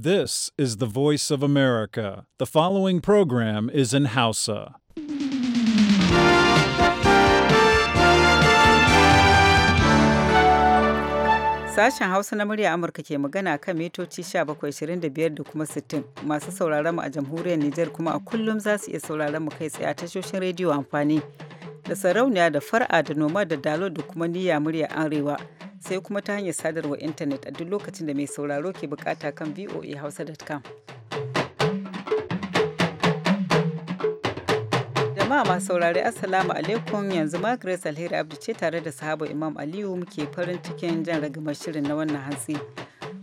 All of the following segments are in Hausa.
This is the voice of America. The following program is in Hausa. Sashen Hausa na murya Amurka ke magana kan mitoci 1725 da kuma 60 masu sauraron mu a jamhuriyar Nijar kuma a kullum za su iya sauraron mu kai tsaye a tashoshin rediyo amfani da sarauniya da far'a da noma da dalo da kuma niyya murya arewa. sai kuma ta hanyar sadarwa intanet a duk lokacin da mai sauraro ke bukata kan voahausa.com. jama'a masu saurari assalamu alaikum yanzu ma grace alheri abdu ce tare da sahaba imam aliyu muke farin cikin jan ragamar shirin na wannan hantsi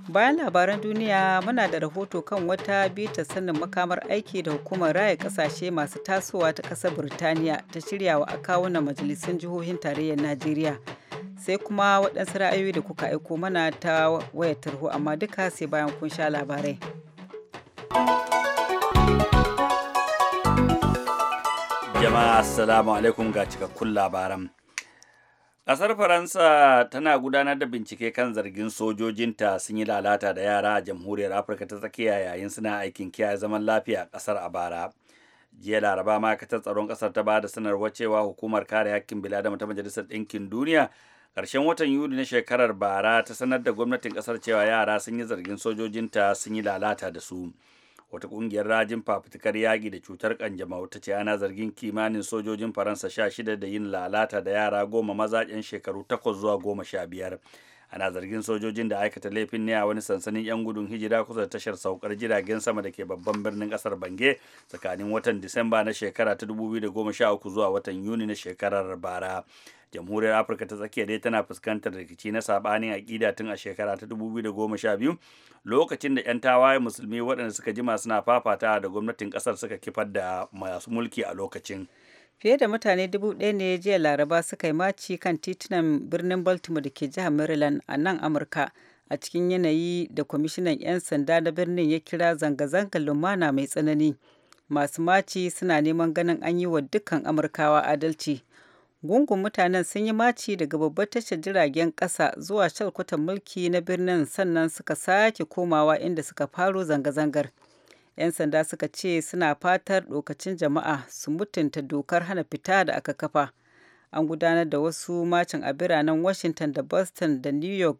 bayan labaran duniya muna da rahoto kan wata biyu ta sanin makamar aiki da hukumar raya kasashe masu tasowa ta kasar birtaniya ta shirya wa akawunan majalisun jihohin tarayyar najeriya sai kuma waɗansu ra'ayoyi da kuka aiko mana ta wayar tarho amma duka sai bayan kun sha labarai. Jama'a Assalamu alaikum ga cikakkun labaran. Ƙasar Faransa tana gudanar da bincike kan zargin sojojinta sun yi lalata da yara a jamhuriyar Afirka ta tsakiya yayin suna aikin kiyaye zaman lafiya a ƙasar a bara. jiya laraba ma'aikatar tsaron ƙasar ta ba da sanarwar cewa hukumar kare hakkin biladama ta majalisar ɗinkin duniya karshen watan yuli na shekarar bara ta sanar da gwamnatin kasar cewa yara sun yi zargin sojojinta sun yi lalata da su wata ƙungiyar rajin fafutukar yaƙi da cutar kanjamau ta ce ana zargin kimanin sojojin faransa sha shida da yin lalata da yara goma maza yan shekaru takwas zuwa goma sha biyar ana zargin sojojin da aikata laifin ne a wani sansanin 'yan gudun hijira kusa da tashar saukar jiragen sama da ke babban birnin kasar bange tsakanin watan disamba na shekara ta 2013 zuwa watan yuni na shekarar bara jamhuriyar afirka ta tsakiya dai tana fuskantar rikici na sabanin aƙida tun a shekara ta 2012 lokacin da 'yan tawaye musulmi waɗanda suka jima suna fafata da gwamnatin ƙasar suka kifar da masu mulki a lokacin fiye da mutane dubu ɗaya ne jiya laraba suka yi maci kan titunan birnin baltimore da ke jihar maryland a nan amurka a cikin yanayi da kwamishinan 'yan sanda na birnin ya kira zanga-zangar lumana mai tsanani masu maci suna neman ganin an yi wa dukkan amurkawa adalci gungun mutanen sun yi maci daga babbar tashar jiragen kasa zuwa shalkwatan mulki na birnin sannan suka sake komawa inda suka faro zanga-zangar 'yan sanda suka ce suna fatar dokacin jama'a su mutunta dokar hana fita da aka kafa an gudanar da wasu macin a biranen washington da boston da new york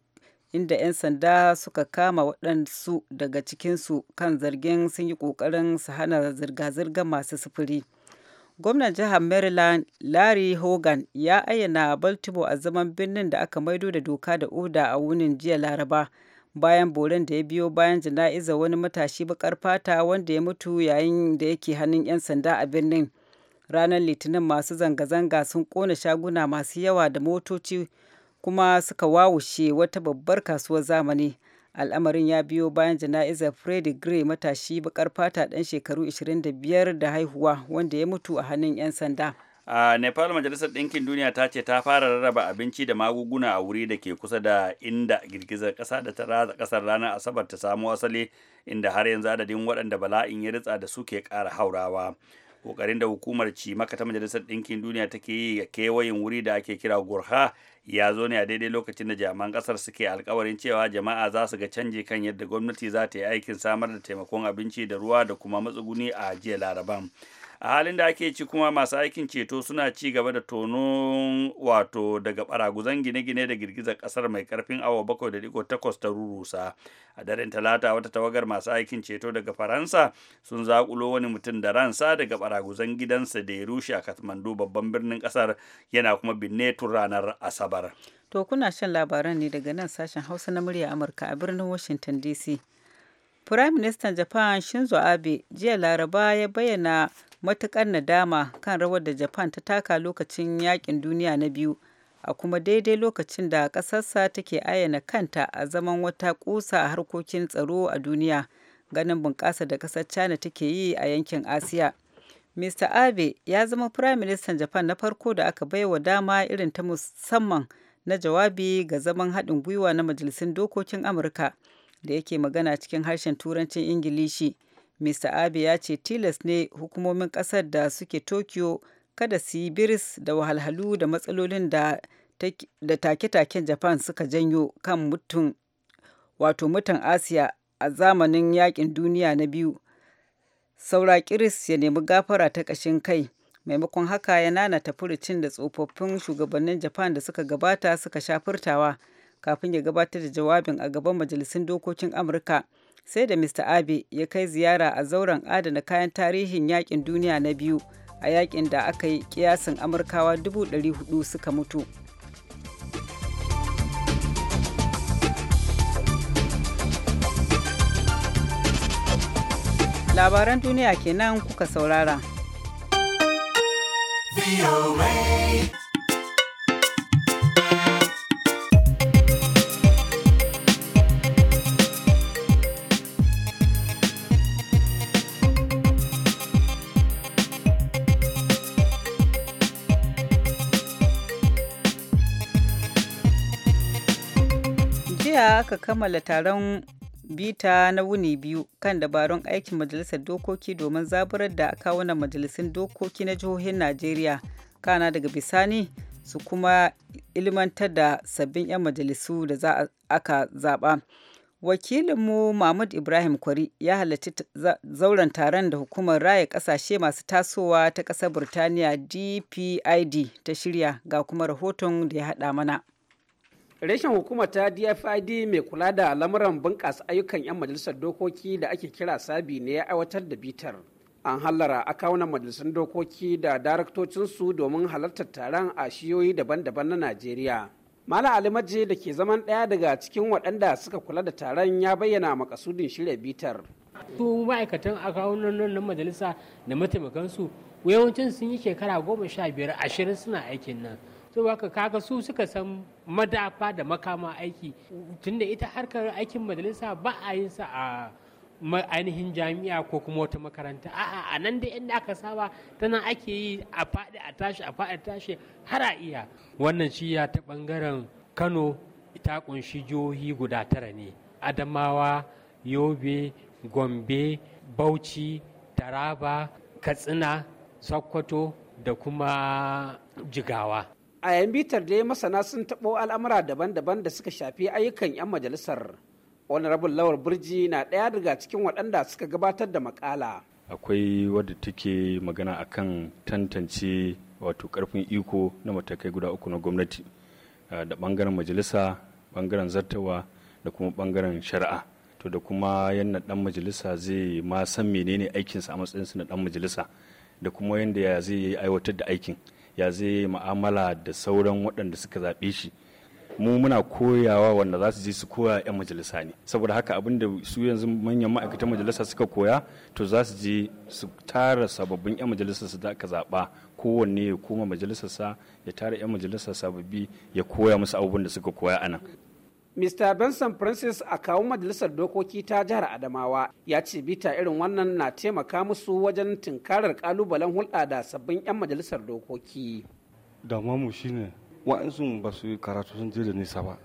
inda 'yan sanda suka kama waɗansu daga cikinsu kan zargin sun yi ƙoƙarin su hana zirga-zirgar masu sufuri gwamnan jihar maryland larry hogan ya ayyana baltimore a zaman birnin da aka maido da doka da oda a wunin jiya laraba bayan boren da ya biyo bayan jana'iza wani matashi bakar fata wanda ya mutu yayin da yake hannun 'yan sanda a birnin ranar litinin masu zanga-zanga sun kona shaguna masu yawa da motoci kuma suka wawushe wata babbar kasuwar zamani al'amarin ya biyo bayan jana'izar freddy gray matashi bakar fata dan shekaru 25 da haihuwa wanda ya mutu a hannun 'yan sanda a nepal majalisar ɗinkin duniya ta ce ta fara rarraba abinci da magunguna a wuri da ke kusa da inda girgizar ƙasa da ta ratsa ƙasar ranar asabar ta samo asali inda har yanzu adadin waɗanda bala'in ya ritsa da suke ƙara haurawa ƙoƙarin da hukumar cimaka ta majalisar ɗinkin duniya take yi ga kewayen wuri da ake kira gurha ya zo ne a daidai lokacin da jami'an kasar suke alkawarin cewa jama'a za su ga canji kan yadda gwamnati za ta yi aikin samar da taimakon abinci da ruwa da kuma matsuguni a jiya laraban a halin da ake ci kuma masu aikin ceto suna ci gaba da tono wato daga baraguzan gine-gine da girgizar kasar mai karfin awa bakwai da digo takwas ta rurusa a daren talata wata tawagar masu aikin ceto daga faransa sun zaƙulo wani mutum da ransa daga baraguzan gidansa da ya rushe a kathmandu babban birnin kasar yana kuma binne tun ranar asabar to kuna shan labaran ne daga nan sashen hausa na murya amurka a birnin washington dc Firaministan Japan Shinzo Abe jiya Laraba ya bayyana matuƙar nadama kan rawar da Japan ta taka lokacin Yaƙin Duniya na Biyu, a kuma daidai lokacin da ƙasarsa take ayyana kanta a zaman wata ƙusa a harkokin tsaro a duniya, ganin bunƙasa da ƙasar China take yi a yankin Asiya. Mr. Abe ya zama Firaministan Japan na farko da aka bai wa dama irin ta musamman na jawabi ga zaman haɗin gwiwa na Majalisun Dokokin Amurka da yake magana cikin harshen Turancin Ingilishi. Mr. Abe ya ce tilas ne hukumomin ƙasar da suke Tokyo kada su yi biris da wahalhalu da matsalolin da take-taken Japan suka janyo kan mutum wato mutan Asiya a zamanin yakin duniya na biyu. Saura Kiris ya nemi gafara ta kashin kai. Maimakon haka ya nanata furucin da tsofaffin shugabannin Japan da suka gabata suka sha furtawa kafin ya gabatar da jawabin a gaban majalisun dokokin Amurka sai da mr abe ya kai ziyara a zauren adana kayan tarihin yakin duniya na biyu a yakin da aka yi kiyasin amurkawa 400 suka mutu labaran duniya kenan kuka saurara. aka kammala taron bita na wuni biyu kan dabarun aikin majalisar dokoki domin zaburar da kawunan majalisun dokoki na jihohin najeriya kana daga bisani su kuma ilmantar da sabbin 'yan majalisu da za aka zaba wakilinmu mahmud ibrahim kwari ya halarci zauren taron da hukumar raya kasashe masu tasowa ta kasar burtaniya dpid ta shirya ga kuma rahoton da ya haɗa mana Reshen hukumar ta DFID mai kula da lamuran bunƙasa ayyukan 'yan majalisar dokoki da ake kira sabi ne ya aiwatar da bitar. An hallara akawunan majalisun dokoki da daraktocinsu domin halartar taron a shiyoyi daban-daban na Najeriya. Malam Alimaji da ke zaman ɗaya daga cikin waɗanda suka kula da taron ya bayyana makasudin shirya bitar. Su ma'aikatan akawunan na majalisa da mataimakansu yawancin sun yi shekara goma sha biyar ashirin suna aikin nan. saboda kaga su suka san madafa da makama aiki tunda ita harkar aikin majalisa ba a yin sa a ainihin jami'a ko kuma wata makaranta a'a a nan da inda aka saba tana ake yi a faɗi a tashi a faɗi a tashi har a iya wannan shiya ta ɓangaren kano ta kunshi jihohi guda tara ne adamawa yobe gombe bauchi taraba katsina sokoto da kuma jigawa a yan bitar dai masana sun taɓo al'amura daban-daban da suka shafi ayyukan 'yan majalisar rabin lawar burji na ɗaya daga cikin waɗanda suka gabatar da makala akwai wadda take magana a kan tantance wato karfin iko na matakai guda uku na gwamnati da bangaren majalisa bangaren zartawa da kuma bangaren shari'a to da kuma yadda dan majalisa zai ma san menene aikinsa a matsayinsa na dan majalisa da kuma yadda zai aiwatar da aikin ya zai ma'amala da sauran waɗanda suka zaɓe shi mu muna koyawa wanda za su je su koya 'yan majalisa ne saboda haka abin da su yanzu manyan ma'aikatan majalisa suka koya to za su je su tara sababbin 'yan majalisa su da aka zaɓa kowanne ya koma majalisarsa ya tara 'yan majalisa sababbi ya koya musu abubuwan da suka koya a nan mista Benson Francis a kawo majalisar dokoki ta jihar Adamawa ya ce bita irin wannan na taimaka musu wajen tunkarar kalubalen hulɗa da sabbin 'yan majalisar dokoki. Damamu shine wa'ansu ba su karatu sun je da nisa ba.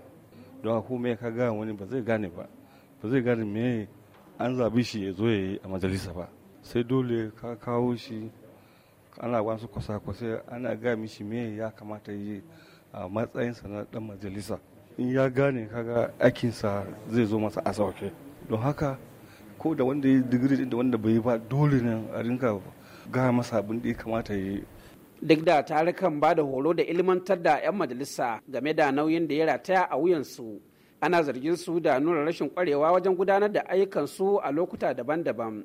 Don ko me ka gane wani ba zai gane ba. Ba zai gane me an zabi shi ya zo ya a majalisa ba. Sai dole ka kawo shi ana wasu kwasa kwasa ana gaya mishi me ya kamata yi a matsayinsa na dan majalisa. in ya gane kaga aikinsa zai zo masa a sauke don haka ko da wanda ya digiri da wanda bai ba dole ne a rinka gaya masa abin da ya kamata ya yi duk da tarukan ba da horo da ilmantar da 'yan majalisa game da nauyin da ya rataya a wuyansu ana zargin su da nuna rashin kwarewa wajen gudanar da ayyukansu a lokuta daban-daban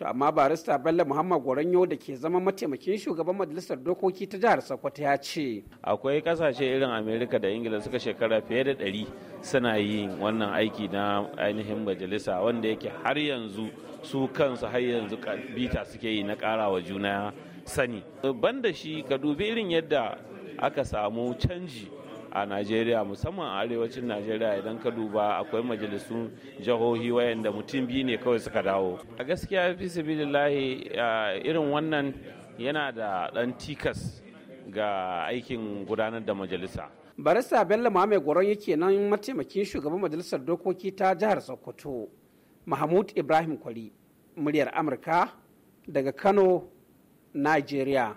to amma barista bello muhammad goranyo da ke zama mataimakin shugaban majalisar dokoki ta jihar sokoto ya ce akwai kasashe irin amerika da ingila suka shekara fiye da ɗari suna yin wannan aiki na ainihin majalisa wanda yake har yanzu su kansu har yanzu bita suke yi na kara wa juna sani banda shi ka dubi irin yadda aka samu canji a najeriya musamman a arewacin najeriya idan ka duba akwai majalisun jihohi wayanda mutum biyu ne kawai suka dawo a gaskiya fi sabilillahi irin wannan yana da ɗan tikas ga aikin gudanar da majalisa barista bello mai goron yake nan mataimakin shugaban majalisar dokoki ta jihar sokoto mahmud ibrahim kwari muryar amurka daga kano nigeria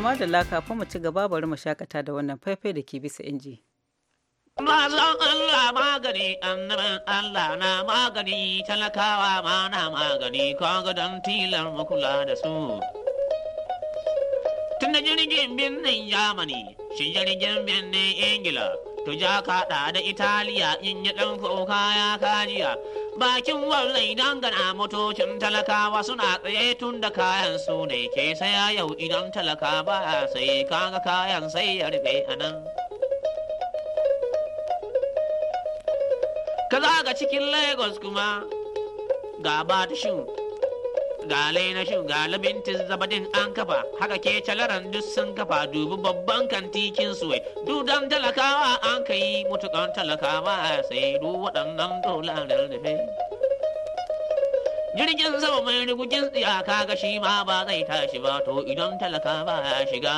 da madalla fa mu ci gaba bari mu shakata da wannan faifai da ke bisa inji. Mazan Allah magani, annaban Allah na magani, talakawa ma na magani, kaga don tilar makula da su. Tun da jirgin birnin Yamani, shi jirgin birnin Ingila, tuja ja da italiya in yi ɗan kuka ya kajiya bakin wallai dangana motocin talakawa suna tsaye tun da kayan su ne ke saya yau idan talaka ba sai kaga kayan sai ya rufe a nan ka cikin lagos kuma ga ba ta shin ga laina shin ga labintin zabadin an kafa haka ke calaran duk sun kafa dubi babban kantikin suwai dudan talakawa an kai ankayi. mutukan talakawa sai du waɗannan dolarar da jirgin sama mai rigugin tsiyaka ga shi ma ba zai tashi ba to idan talaka ba ya shiga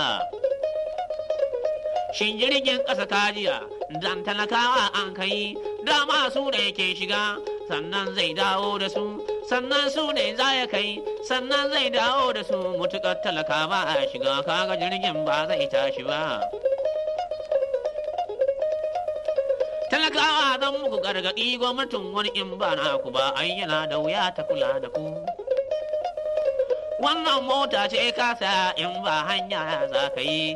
shin jirgin ƙasa kajiya dan talakawa an kai dama su da yake shiga sannan zai dawo da su sannan su ne za ya kai sannan zai dawo da su mutukar talaka ba a shiga kaga jirgin ba zai tashi ba talakawa zan muku gargaɗi gwamnatin wani in ba na ku ba an yana da wuya ta kula da ku wannan mota ce kasa in ba hanya za ka yi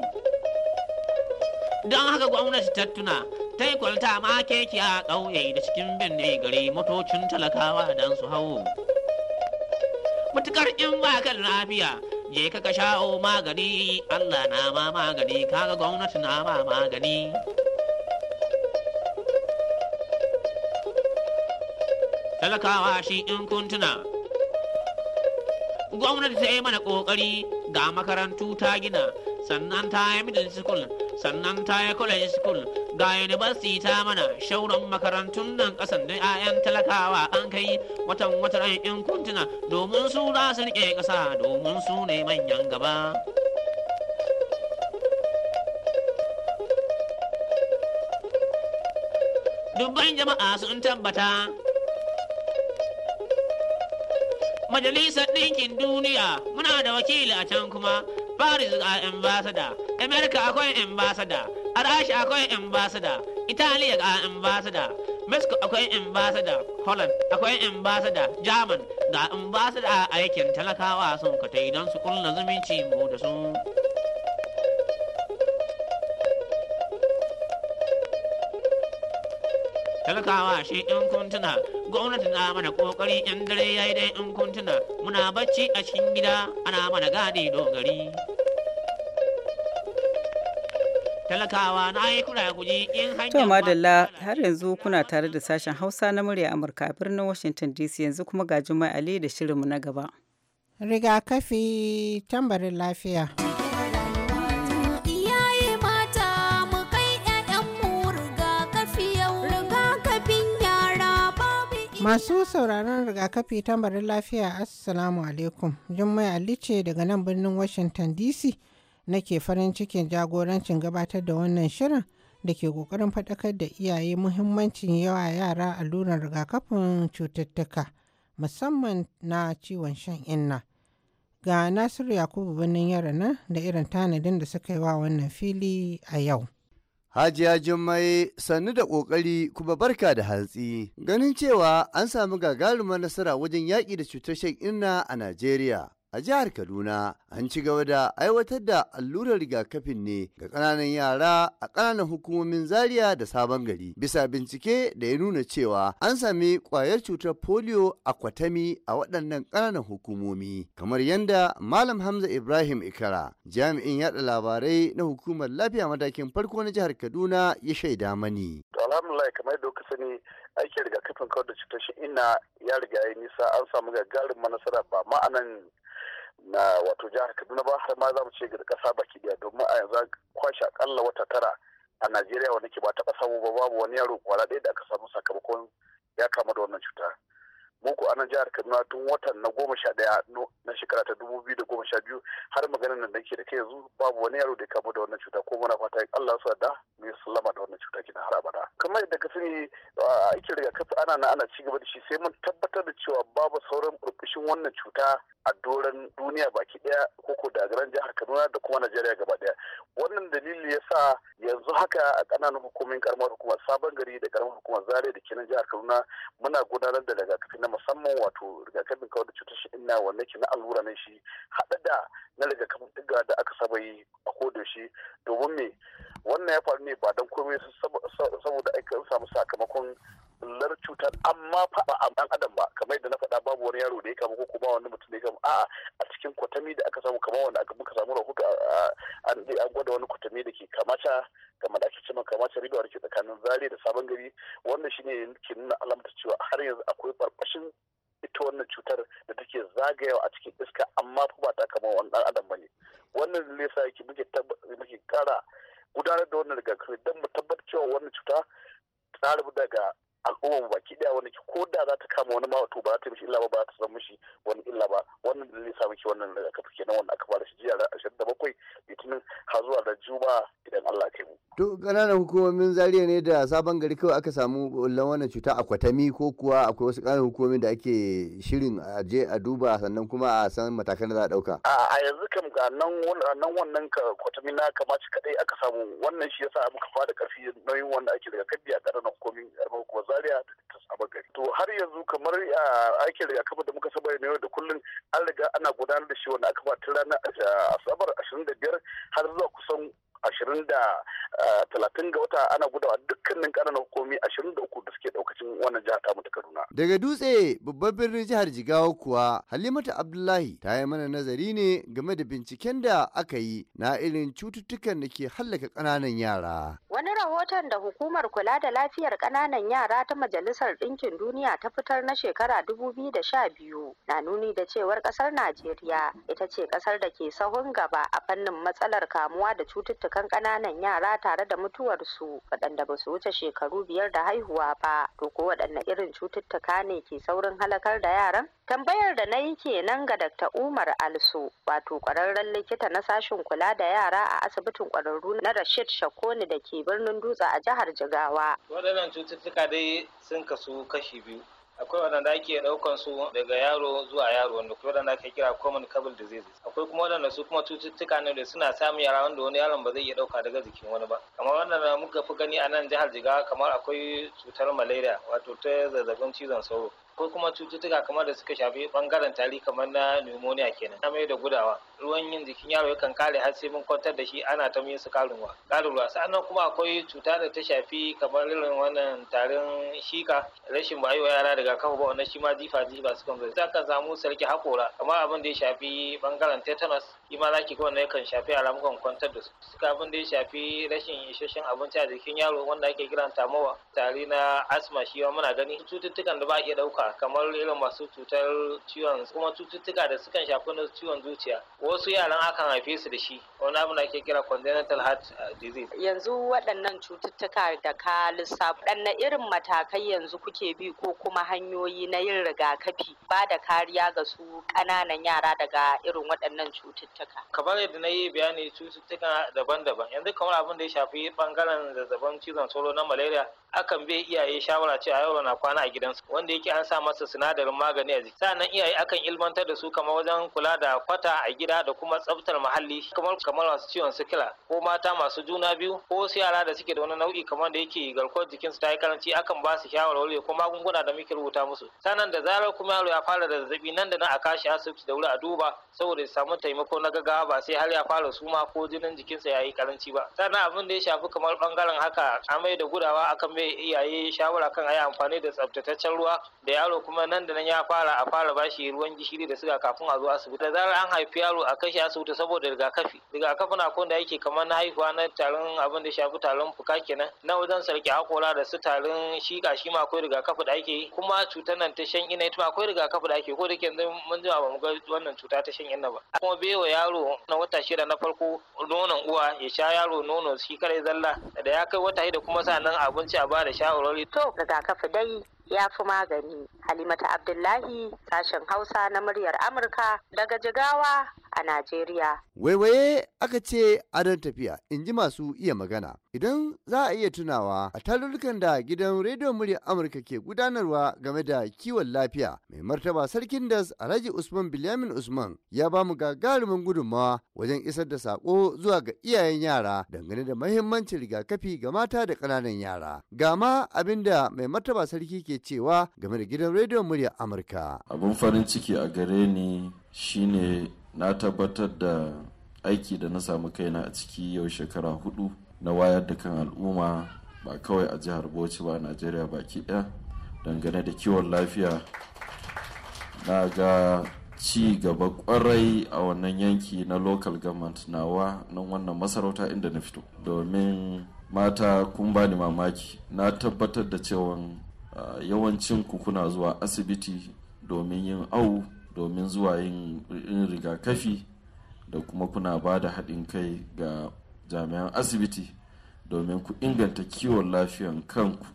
don haka gwamnati ta tuna kwalta ma keke a ƙauye da cikin binne gari motocin talakawa don su hau mutukar in ba kan lafiya je ka ka sha'o magani allah na ma magani kaga gwamnati na ma magani talakawa shi in kuntuna gwamnati ta yi mana ƙoƙari ga makarantu ta gina sannan ta yi middle school sannan ta yi college school ga university mana shauran makarantun nan kasan da 'ya'yan talakawa an kai watan watan in kuntuna domin su za su rike kasa domin su ne manyan gaba dubban jama'a sun tabbata majalisar ɗinkin duniya muna da wakili a can kuma paris ga ambasada america akwai ambasada a rasha akwai ambassador italiya ga ambassador mexico akwai ambassador holland akwai ambassador german ga ambassador a aikin talakawa sun ka idan su kulla zumunci mu da su talakawa shi in kuntuna gwamnati na mana kokari yan dare yi dai in kuntuna muna bacci a cikin gida ana mana gadi dogari talakawa na yi kura in hanyar to madalla har yanzu kuna tare da sashen hausa na murya amurka birnin washington dc yanzu kuma ga juma'a ali da shirinmu na gaba rigakafi tambarin lafiya Masu sauraron rigakafi tambarin lafiya Assalamu alaikum. Jummai Ali ce daga nan birnin Washington DC nake farin cikin jagorancin gabatar da wannan shirin da ke ƙoƙarin faɗakar da iyaye muhimmancin yawa yara allurar rigakafin cututtuka musamman na ciwon shan inna ga nasiru yakubu birnin yara nan da irin tanadin da suka yi wa wannan fili a yau Hajiya Jummai sannu da ƙoƙari kuma barka da hantsi. Ganin cewa an samu gagarumar nasara wajen yaƙi da cutar shan inna a Najeriya. a jihar Kaduna an ci gaba da aiwatar da allurar rigakafin ne ga kananan yara a kananan hukumomin Zaria da Sabon Gari bisa bincike da ya nuna cewa an sami kwayar cutar polio a kwatami a waɗannan kananan hukumomi kamar yadda Malam Hamza Ibrahim Ikara jami'in yaɗa labarai na hukumar lafiya matakin farko na jihar Kaduna ya shaida mani. Alhamdulillah kamar aikin rigakafin kawar da cutar shi ina ya riga ya nisa an samu gagarin manasara ba ma'anan na wato jihar kaduna ba har ma za mu ce ga kasa baki daya domin a yanzu kwashe akalla wata tara a najeriya wani ke ba taba samu ba babu wani yaro kwara daya da aka samu sakamakon ya kama da wannan cuta muku a nan jihar kaduna tun watan na goma sha daya na shekara ta dubu biyu da goma sha biyu har magana nan da ke da kai yanzu babu wani yaro da ya kamu da wannan cuta ko muna fata allah su da mai sallama da wannan cuta gina har abada kamar yadda ka sani aikin rigakafi ana na ana ci gaba da shi sai mun tabbatar da cewa babu sauran burbushin wannan cuta a doron duniya baki daya ko da garan jihar kaduna da kuma najeriya gaba daya wannan dalili ya sa yanzu haka a ƙananan hukumomin karamar hukumar sabon gari da karamar hukumar zare da kenan jihar kaduna muna gudanar da rigakafi na musamman wato rigakafin kawar da cutar shi inna wanda ke na allura na shi haɗa da na rigakafin ɗiga da aka saba yi a koda shi domin me wannan ya faru ne ba don komai saboda aikin samu sakamakon bullar cutar amma fa ba a dan adam ba kamar yadda na faɗa babu wani yaro da ya kama ko ba wani mutum da ya kama a'a a cikin kwatami da aka samu kamar wanda aka muka samu rahoto an an gwada wani kwatami da ke kamata kamar da ake cewa kamata riba da ke tsakanin zare da sabon gari wannan shine ke nuna alamta cewa har yanzu akwai farfashin ita wannan cutar da take zagayawa a cikin iska amma fa ba ta kama wani dan adam bane wannan ne sa yake muke muke kara gudanar da wannan rigakafi don mu tabbatar cewa wannan cuta ta rabu daga al'umma mu baki daya wanda ko da za ta kama wani ma wato ba za ta mishi illa ba ba za ta san mishi wani illa ba wannan da zai sa miki wannan da aka fike na wannan aka fara shi jiya da ashir da bakwai litinin har zuwa da juma idan Allah yi mu. to ƙananan hukumomin zariya ne da sabon gari kawai aka samu ɓullan wannan cuta a kwatami ko kuwa akwai wasu ƙananan hukumomin da ake shirin a je a duba sannan kuma a san matakan da za a ɗauka. a yanzu kam ga nan wannan kwatami na kamaci kaɗai aka samu wannan shi yasa muka fara ƙarfi nauyin wanda ake daga kabi a ƙananan hukumomin hukumar Zaria ta saba gari. To har yanzu kamar aikin rigakafi da muka saba ne da kullum an riga ana gudanar da shi wanda aka ba tun ranar eh, Asabar 25 har zuwa kusan ashirin da eh, talatin ga wata ana gudawa dukkanin ƙananan hukumi ashirin da uku da suke ɗaukacin wannan jihar tamu ta Kaduna. Daga dutse babban birnin jihar Jigawa kuwa Halimatu Abdullahi ta yi mana nazari ne game da binciken da aka yi na irin cututtukan da ke hallaka ƙananan yara. Wani rahoton da hukumar kula da lafiyar ƙananan yara ta Majalisar Ɗinkin Duniya ta fitar na shekara dubu biyu da sha biyu na nuni da cewar ƙasar Najeriya ita ce ƙasar da ke sahun gaba a fannin matsalar kamuwa da cututtukan fafutukan ƙananan yara tare da mutuwarsu waɗanda ba su wuce shekaru biyar da haihuwa ba to ko waɗanne irin cututtuka ne ke saurin halakar da yaran tambayar da na yi kenan ga dr umar alsu wato ƙwararren likita na sashen kula da yara a asibitin ƙwararru na rashid shakoni da ke birnin dutse a jihar jigawa waɗannan cututtuka dai sun kasu kashi biyu akwai waɗanda ake ɗaukan su daga yaro zuwa yaro wanda kuma waɗanda ake kira common cabal diseases akwai kuma waɗanda su kuma cututtuka ne da suna samun yara wanda wani yaron ba zai iya ɗauka daga jikin wani ba kamar waɗanda muka fi gani a nan jihar jigawa kamar akwai cutar malaria wato ta zazzabin cizon sauro ko kuma cututtuka kamar da suka shafi bangaren tari kamar na pneumonia kenan mai da gudawa ruwan yin jikin yaro yakan kare har sai mun kwantar da shi ana ta su karin ruwa karin ruwa sannan kuma akwai cuta da ta shafi kamar irin wannan tarin shika rashin ba yara daga kafa ba wannan shi ma jifa jifa su kan zai ka samu sarki hakora kamar abin da ya shafi bangaren tetanus shi ma za wannan yakan shafi alamukan kwantar da su kafin da ya shafi rashin isasshen abinci a jikin yaro wanda ake kiran tamowa Tare na asma shi ma muna gani cututtukan da ba a iya dauka kamar irin masu cutar ciwon kuma cututtuka da sukan shafi na ciwon zuciya wasu yaran akan haife su da shi wani abu da ake kira congenital heart uh, disease yanzu waɗannan cututtuka da ka Ɗan na irin matakai yanzu kuke bi ko kuma hanyoyi na yin rigakafi ba da kariya ga su ƙananan yara daga irin waɗannan cututtuka cututtuka kamar yadda na yi bayani cututtuka daban-daban yanzu kamar abin da ya shafi ɓangaren zazzabin cizon sauro na malaria akan bai iyaye shawara a yau na kwana a gidansu wanda yake an sa masa sinadarin magani a jiki sannan iyaye akan ilmantar da su kamar wajen kula da kwata a gida da kuma tsaftar muhalli kamar kamar masu ciwon sikila ko mata masu juna biyu ko wasu yara da suke da wani nau'i kamar da yake garkuwar jikinsu ta yi karanci akan ba su shawarwari ko magunguna da muke rubuta musu sannan da zarar kuma yaro ya fara da zazzabi nan da nan a kashi asibiti da wuri a duba saboda ya samu taimako na gaggawa ba sai har ya fara suma ko jinin jikinsa ya yi karanci ba sannan abin da ya shafi kamar bangaren haka amai da gudawa akan bai iyaye shawara kan ayi amfani da tsabtataccen ruwa da yaro kuma nan da nan ya fara a fara bashi ruwan gishiri da suga kafin a zo asibiti da zarar an haifi yaro a kashi asibiti saboda rigakafi rigakafi na kun da yake kamar na haihuwa na tarin abin da shafi tarin fuka kenan na wajen sarki hakora da su tarin ga shi ma akwai rigakafi da ake yi kuma cutar nan ta shan ina ita akwai rigakafi da ake ko da yanzu mun ji ba mu ga wannan cuta ta shan ina ba kuma bewa yaro na wata shida na farko nonon uwa ya sha yaro nono shi kare zalla da ya kai wata da kuma sa nan abinci ba da shawarwari to rigakafi dai ya fi magani halimata abdullahi sashen hausa na muryar amurka daga jigawa a najeriya waiwaye aka ce adon tafiya in ji masu iya magana idan za a iya tunawa a tarurrukan da gidan rediyon muryar amurka ke gudanarwa game da kiwon lafiya mai martaba sarkin das alhaji usman bilyamin usman ya ba mu gagarumin gudunmawa wajen isar da sako zuwa ga iyayen yara dangane da mahimmancin rigakafi ga mata da ƙananan yara gama abinda mai martaba sarki ke cewa game da gidan rediyon murya Amurka. Abin farin ciki a gare ni shine na tabbatar da aiki da na samu kaina a ciki yau shekara hudu na wayar da kan al'umma ba kawai a jihar Bauchi ba Najeriya baki ɗaya dangane da kiwon lafiya na ga ci gaba kwarai a wannan yanki na local government nawa nan wannan masarauta inda na fito domin mata kun bani mamaki na tabbatar da cewa Ah, yawancin ku kuna zuwa asibiti domin yin awu domin zuwa yin rigakafi da kuma kuna ba da haɗin kai ga jami'an asibiti domin ku inganta kiwon lafiyan kanku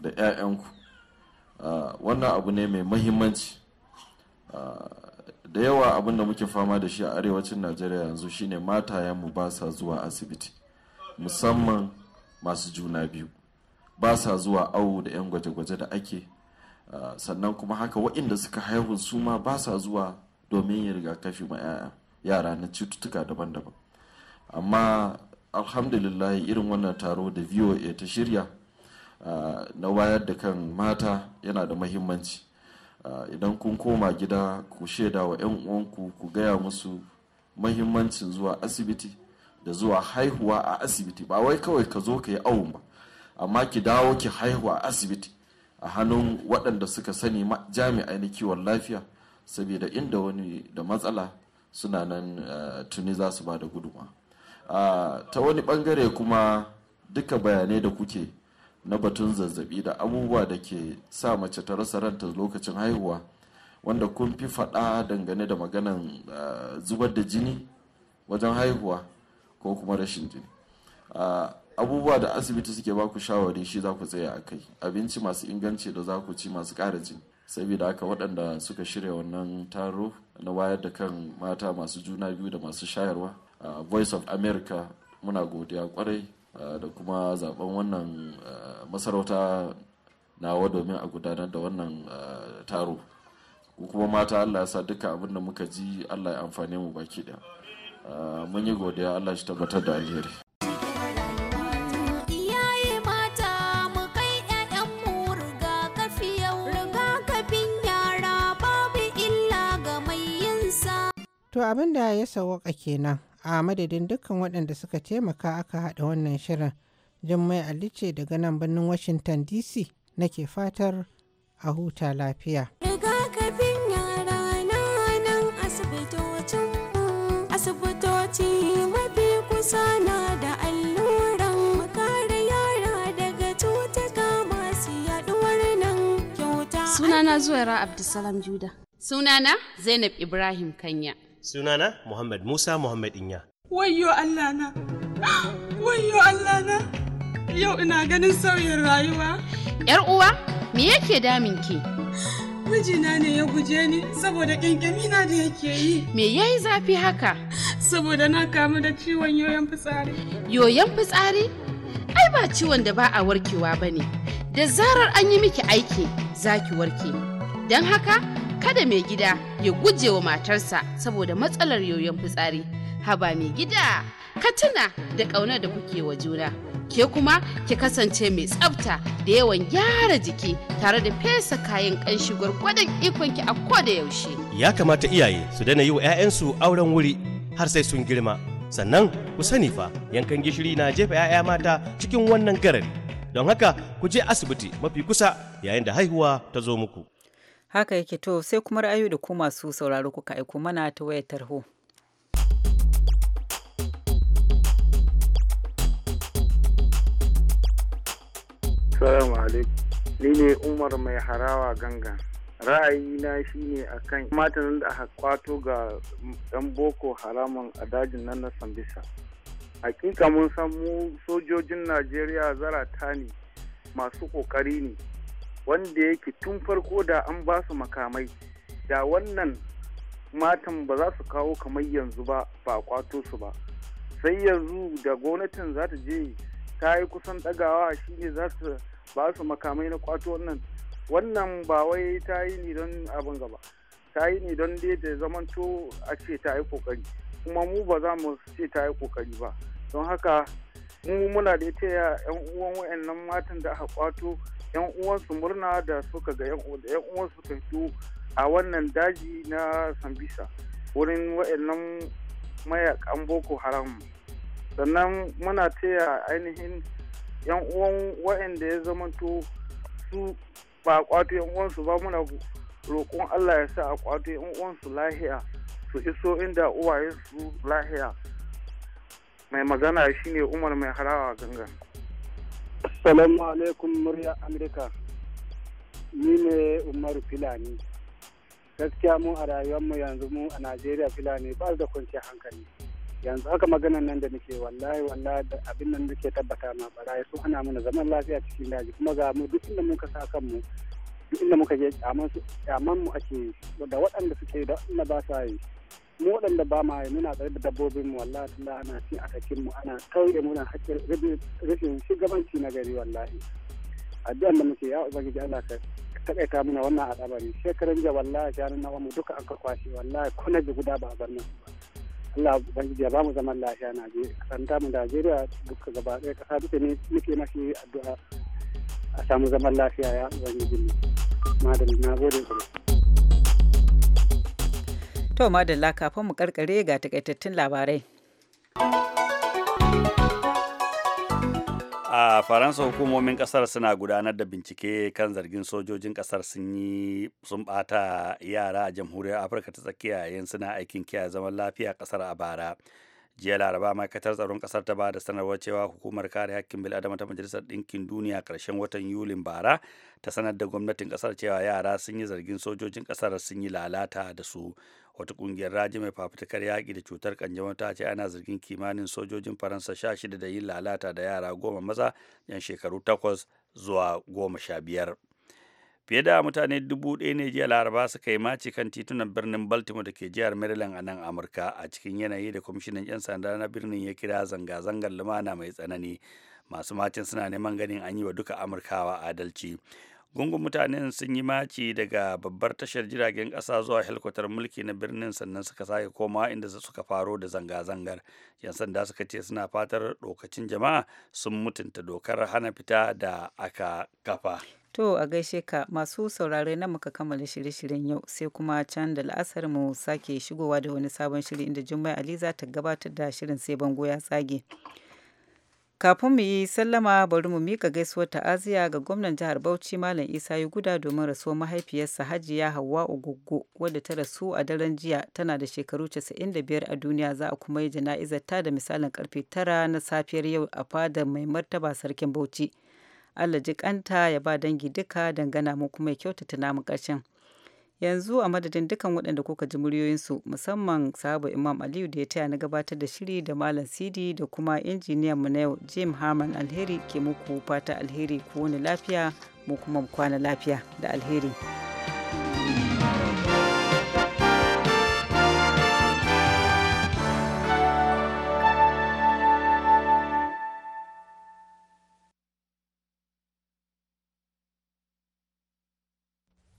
da 'ya'yanku ah, wannan abu ne mai mahimmanci ah, da yawa abin da muke fama da shi a arewacin najeriya yanzu shine matayenmu ba sa zuwa asibiti musamman masu juna biyu ba sa zuwa awo da 'yan gwaje-gwaje da ake ah, sannan kuma haka waɗanda suka haihu su ma ba sa zuwa domin yin rigakafi ma yara na cututtuka daban-daban amma alhamdulillah irin wannan taro da voa ta shirya ah, na wayar da kan mata yana da mahimmanci ah, idan kun koma gida ku shaida wa 'yan uwanku ku gaya musu mahimmancin zuwa asibiti da zuwa haihuwa a asibiti ba wai kawai ka zo ka yi awon ba amma ki dawo ki haihu a asibiti a hannun waɗanda suka sani jami'ai na kiwon lafiya saboda inda wani da matsala suna nan eh, tuni za su ba da guduma ah, ta wani ɓangare kuma duka bayanai da kuke na batun zazzabi da abubuwa da ke sa mace ta rasa ranta lokacin haihuwa wanda kun fi faɗa dangane da maganan eh, zubar da jini wajen haihuwa ko kuma rashin jini ah, abubuwa da asibiti suke baku shawari shi za ku tsaya a kai abinci masu inganci da za ku ci masu ƙara jini saboda haka waɗanda suka shirya wannan taro na wayar da kan mata masu juna biyu da masu shayarwa a voice of america muna godiya kwarai da kuma zaben wannan masarauta nawa domin a gudanar da wannan taro kuma mata allah ya sa duka abin da muka ji allah ya amfane mu baki ɗaya mun yi godiya allah shi tabbatar da alheri To abin da ya sauwaka kenan a madadin dukkan waɗanda suka taimaka aka haɗa wannan shirin. Jummai mai ce daga nan birnin Washington DC nake fatar a huta lafiya. asibitoci mafi kusa na da alluran daga sunana zuwaira abdulsalam juda sunana zainab ibrahim kanya sunana Muhammad Musa Muhammad Inya. Wayyo Allah na, wayyo Allah na, yau ina ganin sauyin rayuwa. ‘Yar uwa, me yake daminki? Mijina ne ya guje ni saboda na da yake yi. Me ya yi zafi haka? Saboda na kamu da ciwon yoyon fitsari. Yoyon fitsari? Ai ba ciwon da ba a warkewa ba ne. Da zarar an yi miki aiki, za ki warke. Don haka, kada mai gida ya guje wa matarsa saboda matsalar yoyon fitsari haba mai gida ka tuna da ƙaunar da kuke wa juna ke kuma ki kasance mai tsafta da yawan gyara jiki tare da fesa kayan ƙanshi gwargwadon ikonki a da yaushe ya kamata iyaye su dana yi wa 'ya'yansu auren wuri har sai sun girma sannan ku sani fa yankan gishiri na jefa 'ya'ya mata cikin wannan garari don haka ku je asibiti mafi kusa yayin da haihuwa ta zo muku haka yake to sai kuma ra'ayi da ku masu sauraro kuka aiko mana ta wayar tarho Salamu alaikum. Ni ne Umar mai harawa ganga. Ra'ayina shi ne a kan matanin da aka kwato ga ɗan boko haramun a dajin nan na Sambisa. Hakika mun san mu sojojin Najeriya zarata ne masu kokari ne wanda yake tun farko da an ba su makamai da wannan matan ba za su kawo kamar yanzu ba ba a kwato su ba sai yanzu da gwamnatin za ta je ta yi kusan shi shine za su ba su makamai na kwato wannan wannan ba wai ta yi ne don abin gaba ta yi ne don dai da zamanto a ce ta yi kokari kuma mu ba za mu ce ta yi kokari ba don haka mu muna da ta yan uwan wayannan matan da aka kwato 'yan uwansu murna da suka ga 'yan uwansu suka fito a wannan daji na sambisa wurin wa'annan mayakan boko haram sannan muna taya ainihin 'yan uwan wa'anda ya zamanto su ba kwato 'yan uwansu ba muna roƙon allah ya sa a kwato 'yan uwansu lahiya su iso inda uwayensu lahiya mai magana shine umar mai harawa gangan Assalamu alaikum murya amerika Ni ne Umaru Filani. Gaskiya mu a rayuwarmu yanzu mu a Najeriya Filani ba da kwanciyar hankali. Yanzu haka maganan nan da nake wallahi wallahi da abin nan nake tabbata ma barayi su hana mana zaman lafiya cikin daji kuma ga mu duk inda muka sa kanmu duk inda muka je kyaman mu ake da waɗanda suke da na ba sa yi mu waɗanda ba ma muna tsare da dabbobin mu wallahi tunda ana ci a kakin mu ana kauye muna hakkin rufin shugabanci na gari wallahi addu'a da muke ya ubangiji Allah ka taƙaita mana wannan al'amari shekaran jiya wallahi shanun nawa mu duka an ka kwashe wallahi kuna na ji guda ba a bar nan Allah ubangiji ya ba mu zaman lafiya na je kasanta mu Najeriya duka gaba ɗaya kasa duka ne muke mashi addu'a a samu zaman lafiya ya ubangiji ne madam na gode ku To madalla kafin mu karkare ga takaitattun labarai. a faransa hukumomin kasar suna gudanar da bincike kan zargin sojojin kasar sun yi sun bata yara a jamhuriyar afirka ta tsakiya yayin suna aikin kiyaye zaman lafiya kasar a bara jiya laraba ma'aikatar tsaron kasar ta bada sanarwar cewa hukumar kare hakkin bil'adama ta majalisar ɗinkin duniya ƙarshen watan yulin bara ta sanar da gwamnatin kasar cewa yara sun yi zargin sojojin kasar sun yi lalata da su wata kungiyar raji mai fafutukar yaƙi da cutar kanjamau ta ce ana zargin kimanin sojojin faransa sha shida da yin lalata da yara goma maza yan shekaru takwas zuwa goma sha biyar fiye da mutane dubu ɗaya ne jiya laraba suka yi mace kan titunan birnin baltimore da ke jihar maryland a nan amurka a cikin yanayi da kwamishinan 'yan sanda na birnin ya kira zanga-zangar lumana mai tsanani masu macin suna neman ganin an yi wa duka amurkawa adalci gungun mutanen sun yi maci daga babbar tashar jiragen ƙasa zuwa helikwatar mulki na birnin sannan suka sake koma inda suka faro da zanga-zangar yan sanda suka ce suna fatar lokacin jama'a sun mutunta dokar hana fita da aka kafa To a gaishe ka masu saurare na muka kammala shirye-shiryen yau sai kuma can da la'asar mu sake shigowa da wani sabon shiri inda juma'i Ali za ta gabatar da shirin sai bango ya tsage. Kafin mu yi sallama bari mu mika gaisuwar ta'aziyya ga gwamnan jihar Bauchi Malam Isa yi guda domin rasuwar mahaifiyarsa Hajiya Hauwa ogogo wadda ta rasu a daren jiya tana da shekaru 95 a duniya za a kuma yi jana'izar ta da misalin karfe 9 na safiyar yau a fadar mai martaba sarkin Bauchi. Allah jikanta ya ba dangi duka dangana mu kuma ya kyautata namu ƙarshen. yanzu a madadin dukan waɗanda kuka ji muryoyinsu musamman sabu imam aliyu da ya taya na gabatar da shiri da malam sidi da kuma injiniyan mu na yau jim harman alheri ke muku fata alheri ku wani lafiya mu kuma kwana lafiya da alheri.